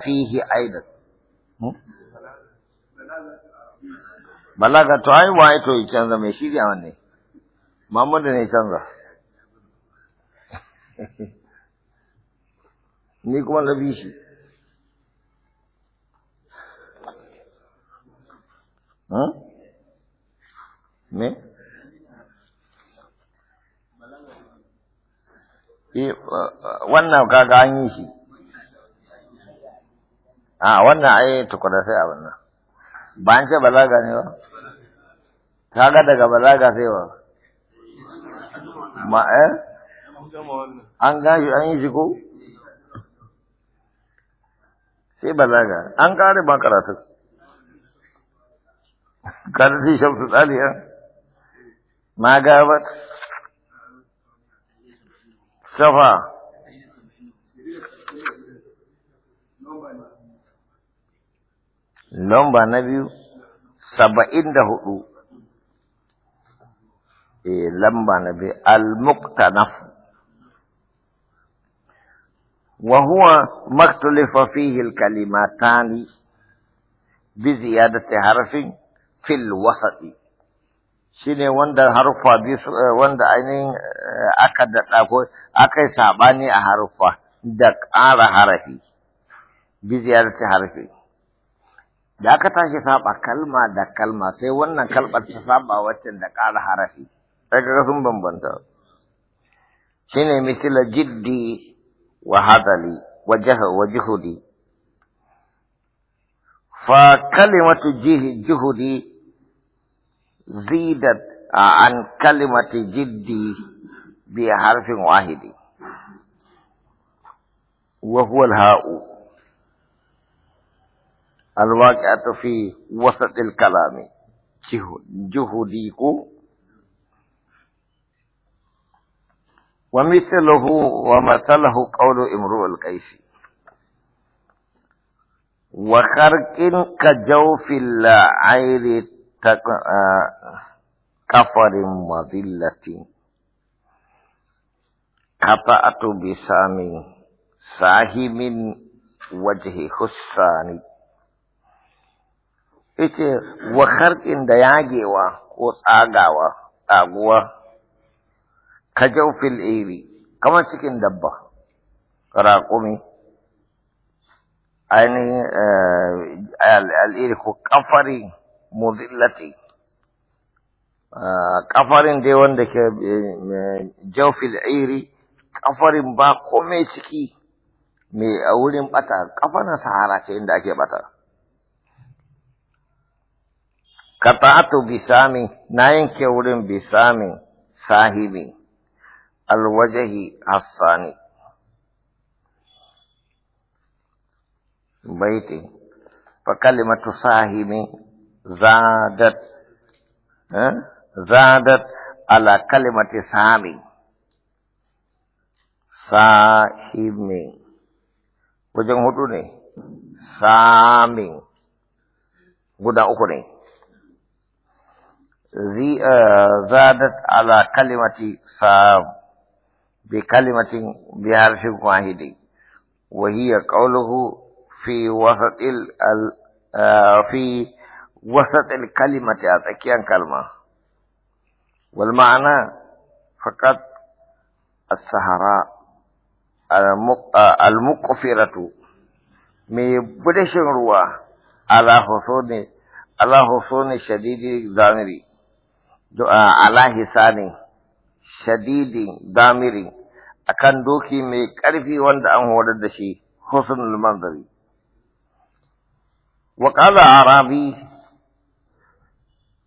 fihi aidan hmm? balaga to ai to canza mai shi wanne Muhammad ne canza ni kuma shi hmm? me eh, eh, eh, wannan kaga an yi shi a wannan ai tukuna sai abin nan ba an ce balaga ne ba ga daga balaga sai ba ma eh an gashi an yi shi sai balaga an kare ba karatu kada sai shamsu tsaliya ma gabat safa nomba na biyu saba'in da hudu e lamba na biyu al-muktanaf wa huwa maktulifa fihi al-kalimatani bi ziyadati harfin fil wasati shine wanda harfa bi wanda ainin aka da dako akai sabani a harfa da ƙara harafi bi ziyadati harfin da aka tashi saba kalma da kalma sai wannan kalmar ta saba waccan da ƙara harafi sai kaga sun bambanta shine mitila jiddi wa hadali wa jaha wa juhudi fa kalimatu jihi juhudi zidat an kalimati jiddi bi harfin wahidi wa huwa al-ha'u الواقعة في وسط الكلام جهديكو ومثله ومثله قول امرؤ القيسي وخرق كجوف العير كفر وذلة قطعت بسام ساهم وجه حسان ita wa harkin da yagewa ko tsagawa, tsaguwa, ka jaufin iri, kamar cikin dabba, raƙumi, ainihin eh, al'iri ko ƙafari muzillati. Ƙafarin ah, dai wanda ke eh, jaufin iri, ƙafarin ba kome ciki mai a wurin ɓata, na sahara ce inda ake ɓata. Kata'atu bisami na yanke wurin bisami sahibi alwajahi hassani. Baiti, fa kalimatu sahibi zadat, eh, zadat ala kalimati sami. Sahibi, wajen hudu ne, sami guda uku ne. زادت على كلمة صاب بكلمة بحرف واحد وهي قوله في وسط آه، في وسط الكلمة أتكيان كلمة والمعنى فقط الصحراء آه، المقفرة من بدش روا على حصون على حصون شديد ظاهري ala hisani shadidi damiri akan doki mai ƙarfi wanda an horar da shi husnul manzari wa qala arabi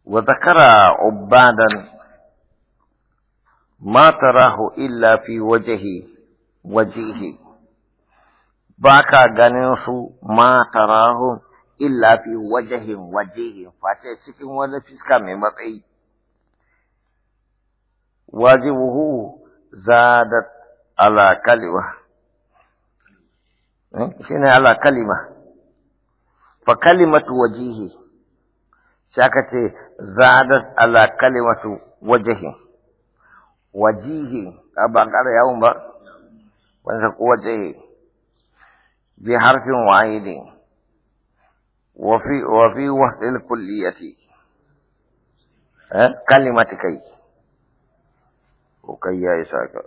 wa zakara ubadan ma tarahu illa fi wajhi wajihi baka ganin su ma tarahu illa fi wajhin wajihi face cikin wani fiska mai matsayi wajibuhu zadat ala kalima eh, shine ala kalima fa kalimatu wajihi shaka ce zadat ala kalimatu wajihi wajihi ba ƙara yawon ba wanda ko wajihi bi harfin wahidin wa fi wa fi wasl kulliyati eh, kalimati kai isa ka.